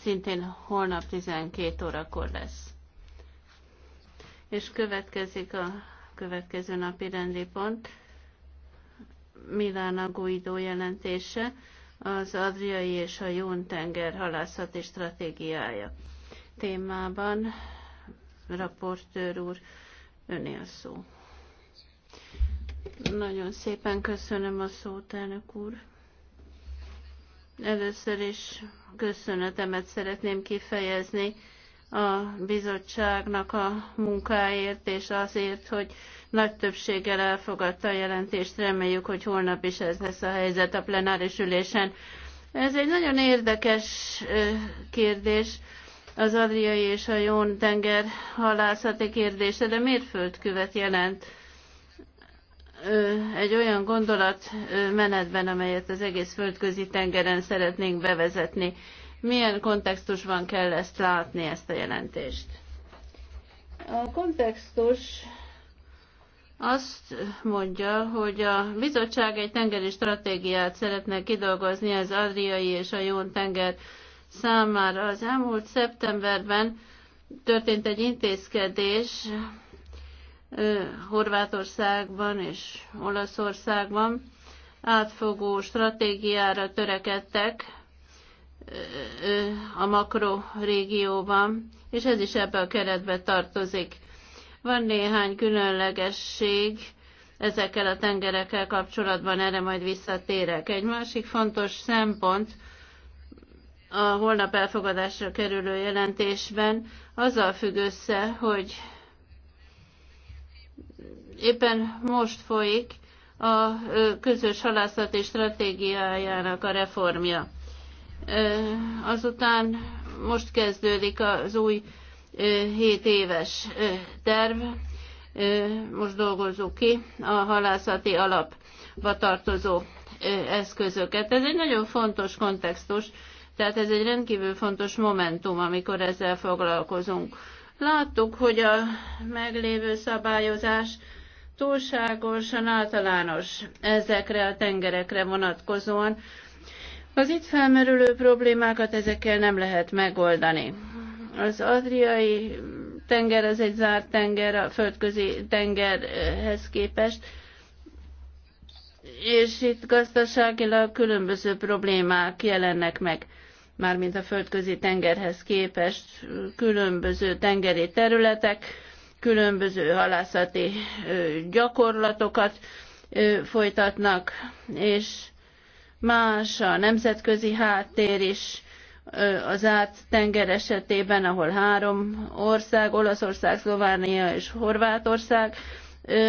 szintén holnap 12 órakor lesz. És következik a következő napi rendi pont, Milán Guido jelentése, az Adriai és a Jón tenger halászati stratégiája témában. Raportőr úr, öné a szó. Nagyon szépen köszönöm a szót, elnök úr. Először is köszönetemet szeretném kifejezni a bizottságnak a munkáért, és azért, hogy nagy többséggel elfogadta a jelentést. Reméljük, hogy holnap is ez lesz a helyzet a plenáris ülésen. Ez egy nagyon érdekes kérdés, az Adriai és a Jón tenger halászati kérdése, de mérföldkövet jelent egy olyan gondolatmenetben, amelyet az egész földközi tengeren szeretnénk bevezetni. Milyen kontextusban kell ezt látni, ezt a jelentést? A kontextus azt mondja, hogy a bizottság egy tengeri stratégiát szeretne kidolgozni az Adriai és a Jón tenger számára. Az elmúlt szeptemberben történt egy intézkedés, Horvátországban és Olaszországban átfogó stratégiára törekedtek a makro régióban, és ez is ebbe a keretbe tartozik. Van néhány különlegesség ezekkel a tengerekkel kapcsolatban, erre majd visszatérek. Egy másik fontos szempont, a holnap elfogadásra kerülő jelentésben azzal függ össze, hogy éppen most folyik a közös halászati stratégiájának a reformja. Azután most kezdődik az új 7 éves terv, most dolgozzuk ki a halászati alapba tartozó eszközöket. Ez egy nagyon fontos kontextus, tehát ez egy rendkívül fontos momentum, amikor ezzel foglalkozunk Láttuk, hogy a meglévő szabályozás túlságosan általános ezekre a tengerekre vonatkozóan. Az itt felmerülő problémákat ezekkel nem lehet megoldani. Az adriai tenger az egy zárt tenger a földközi tengerhez képest, és itt gazdaságilag különböző problémák jelennek meg mármint a földközi tengerhez képest különböző tengeri területek, különböző halászati gyakorlatokat folytatnak, és más a nemzetközi háttér is, az át tenger esetében, ahol három ország, Olaszország, Szlovánia és Horvátország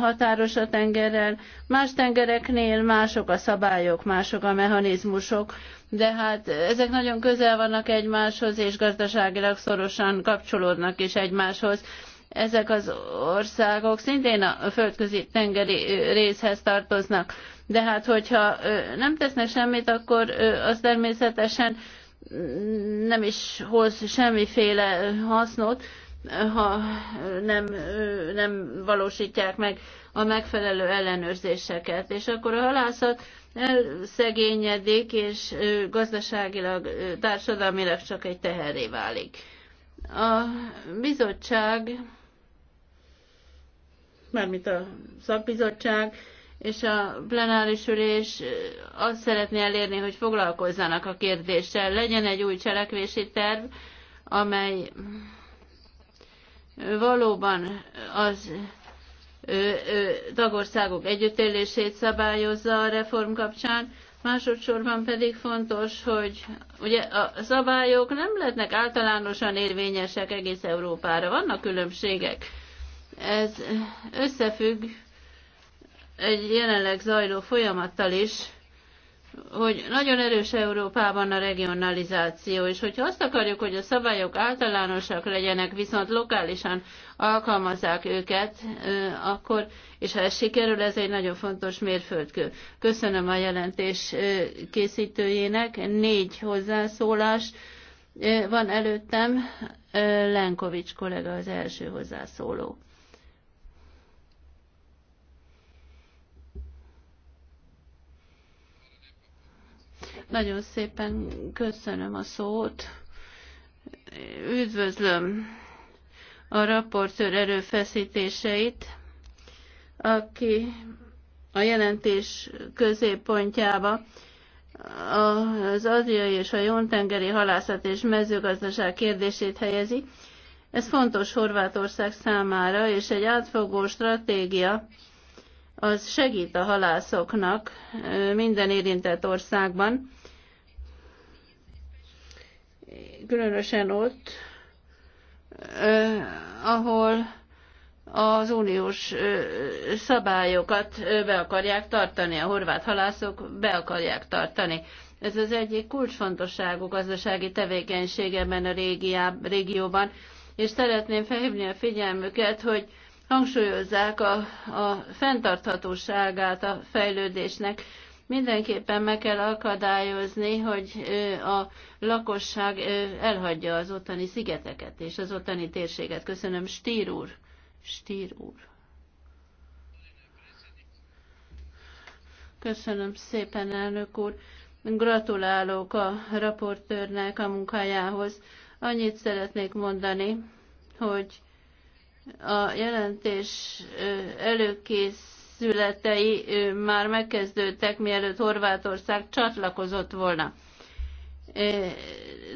határos a tengerrel, más tengereknél mások a szabályok, mások a mechanizmusok, de hát ezek nagyon közel vannak egymáshoz, és gazdaságilag szorosan kapcsolódnak is egymáshoz ezek az országok szintén a földközi tengeri részhez tartoznak. De hát, hogyha nem tesznek semmit, akkor az természetesen mm, nem is hoz semmiféle hasznot, ha nem, nem valósítják meg a megfelelő ellenőrzéseket. És akkor a halászat elszegényedik, és gazdaságilag, társadalmilag csak egy teherré válik. A bizottság, mármint a szakbizottság, és a plenáris ülés azt szeretné elérni, hogy foglalkozzanak a kérdéssel. Legyen egy új cselekvési terv, amely valóban az tagországok együttélését szabályozza a reform kapcsán, másodszorban pedig fontos, hogy ugye a szabályok nem lehetnek általánosan érvényesek egész Európára, vannak különbségek. Ez összefügg egy jelenleg zajló folyamattal is, hogy nagyon erős Európában a regionalizáció, és hogyha azt akarjuk, hogy a szabályok általánosak legyenek, viszont lokálisan alkalmazzák őket, akkor, és ha ez sikerül, ez egy nagyon fontos mérföldkő. Köszönöm a jelentés készítőjének. Négy hozzászólás van előttem. Lenkovics kollega az első hozzászóló. Nagyon szépen köszönöm a szót. Üdvözlöm a raportőr erőfeszítéseit, aki a jelentés középpontjába az aziai és a jontengeri halászat és mezőgazdaság kérdését helyezi. Ez fontos Horvátország számára, és egy átfogó stratégia az segít a halászoknak minden érintett országban különösen ott, ahol az uniós szabályokat be akarják tartani, a horvát halászok be akarják tartani. Ez az egyik kulcsfontosságú gazdasági tevékenység ebben a régiá, régióban, és szeretném felhívni a figyelmüket, hogy hangsúlyozzák a, a fenntarthatóságát a fejlődésnek, Mindenképpen meg kell akadályozni, hogy a lakosság elhagyja az ottani szigeteket és az ottani térséget. Köszönöm, Stír úr. Stír úr. Köszönöm szépen, elnök úr. Gratulálok a raportőrnek a munkájához. Annyit szeretnék mondani, hogy a jelentés előkész testületei már megkezdődtek, mielőtt Horvátország csatlakozott volna.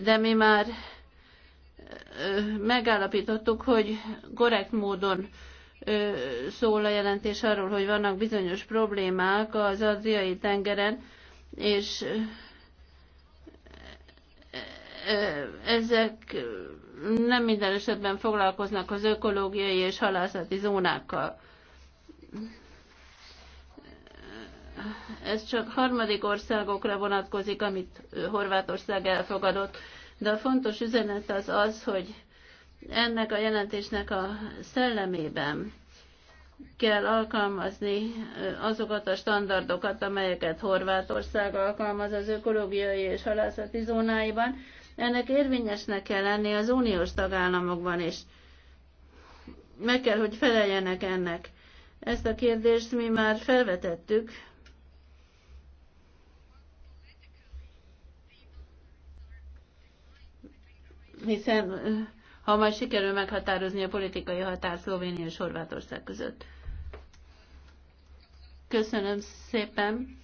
De mi már megállapítottuk, hogy korrekt módon szól a jelentés arról, hogy vannak bizonyos problémák az aziai tengeren, és ezek nem minden esetben foglalkoznak az ökológiai és halászati zónákkal ez csak harmadik országokra vonatkozik, amit Horvátország elfogadott. De a fontos üzenet az az, hogy ennek a jelentésnek a szellemében kell alkalmazni azokat a standardokat, amelyeket Horvátország alkalmaz az ökológiai és halászati zónáiban. Ennek érvényesnek kell lenni az uniós tagállamokban is. Meg kell, hogy feleljenek ennek. Ezt a kérdést mi már felvetettük hiszen ha majd sikerül meghatározni a politikai határ Szlovénia és Horvátország között. Köszönöm szépen,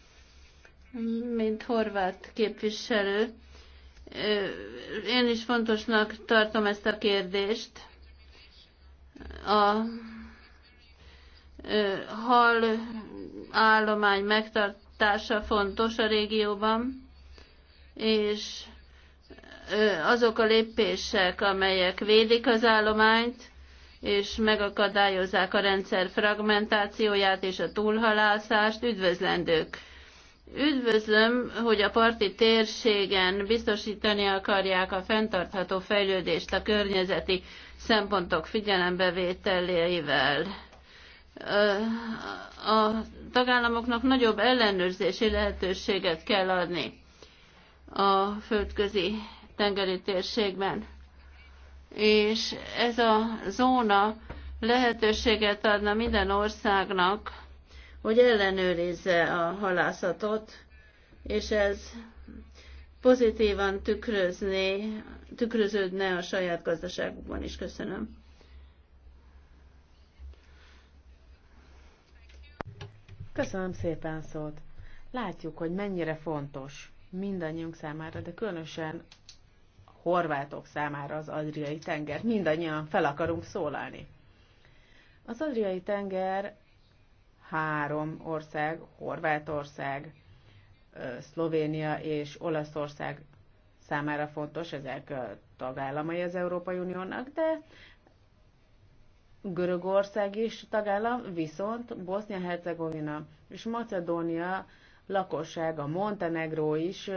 mint horvát képviselő. Én is fontosnak tartom ezt a kérdést. A hal állomány megtartása fontos a régióban, és azok a lépések, amelyek védik az állományt, és megakadályozzák a rendszer fragmentációját és a túlhalászást, üdvözlendők. Üdvözlöm, hogy a parti térségen biztosítani akarják a fenntartható fejlődést a környezeti szempontok figyelembevételével. A tagállamoknak nagyobb ellenőrzési lehetőséget kell adni a földközi tengeri térségben. És ez a zóna lehetőséget adna minden országnak, hogy ellenőrizze a halászatot, és ez pozitívan tükrözné, tükröződne a saját gazdaságukban is. Köszönöm. Köszönöm szépen szót. Látjuk, hogy mennyire fontos mindannyiunk számára, de különösen horvátok számára az Adriai tenger. Mindannyian fel akarunk szólalni. Az Adriai tenger három ország, Horvátország, Szlovénia és Olaszország számára fontos, ezek tagállamai az Európai Uniónak, de Görögország is tagállam, viszont Bosznia-Hercegovina és Macedónia lakossága, Montenegró is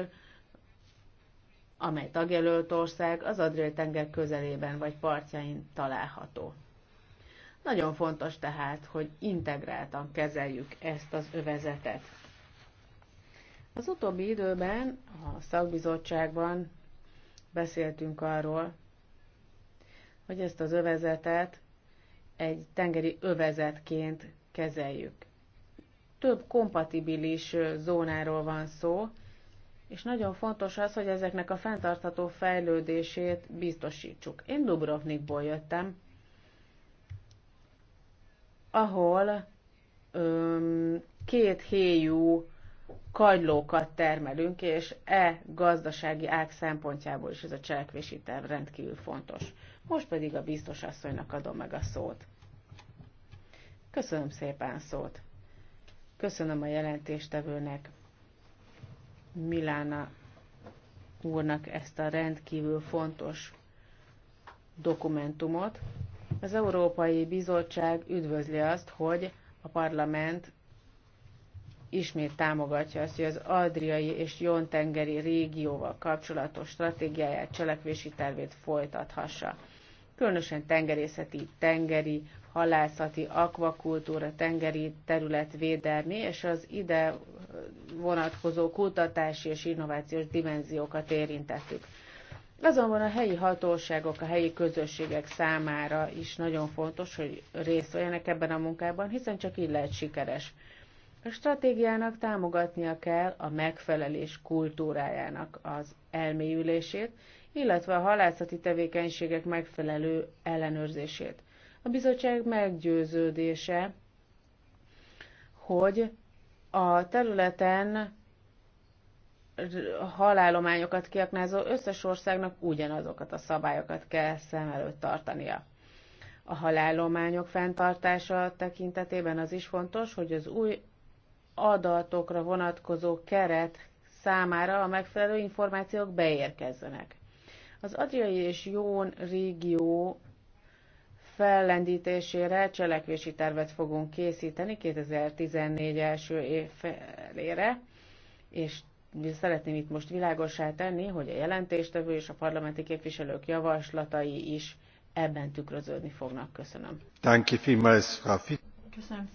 amely tagjelölt ország az Adriai tenger közelében vagy partjain található. Nagyon fontos tehát, hogy integráltan kezeljük ezt az övezetet. Az utóbbi időben a szakbizottságban beszéltünk arról, hogy ezt az övezetet egy tengeri övezetként kezeljük. Több kompatibilis zónáról van szó, és nagyon fontos az, hogy ezeknek a fenntartható fejlődését biztosítsuk. Én Dubrovnikból jöttem, ahol öm, két héjú kagylókat termelünk, és e gazdasági ág szempontjából is ez a cselekvési terv rendkívül fontos. Most pedig a biztos asszonynak adom meg a szót. Köszönöm szépen szót. Köszönöm a jelentéstevőnek Milána úrnak ezt a rendkívül fontos dokumentumot. Az Európai Bizottság üdvözli azt, hogy a parlament ismét támogatja azt, hogy az Adriai és Jontengeri régióval kapcsolatos stratégiáját, cselekvési tervét folytathassa. Különösen tengerészeti, tengeri, halászati, akvakultúra, tengeri terület védelmi és az ide vonatkozó kutatási és innovációs dimenziókat érintettük. Azonban a helyi hatóságok, a helyi közösségek számára is nagyon fontos, hogy részt vegyenek ebben a munkában, hiszen csak így lehet sikeres. A stratégiának támogatnia kell a megfelelés kultúrájának az elmélyülését, illetve a halászati tevékenységek megfelelő ellenőrzését. A bizottság meggyőződése, hogy a területen halálományokat kiaknázó összes országnak ugyanazokat a szabályokat kell szem előtt tartania. A halálományok fenntartása tekintetében az is fontos, hogy az új adatokra vonatkozó keret számára a megfelelő információk beérkezzenek. Az Adriai és Jón régió fellendítésére cselekvési tervet fogunk készíteni 2014 első év felére, és szeretném itt most világosá tenni, hogy a jelentéstevő és a parlamenti képviselők javaslatai is ebben tükröződni fognak. Köszönöm. Köszönöm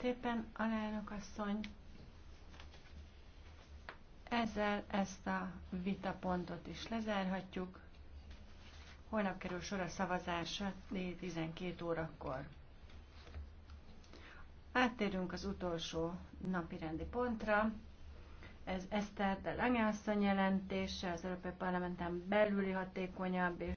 szépen, alelnök asszony. Ezzel ezt a vitapontot is lezárhatjuk. Holnap kerül sor a szavazásra 12 órakor. Áttérünk az utolsó napi rendi pontra. Ez Eszter de Lange jelentése az Európai Parlamenten belüli hatékonyabb és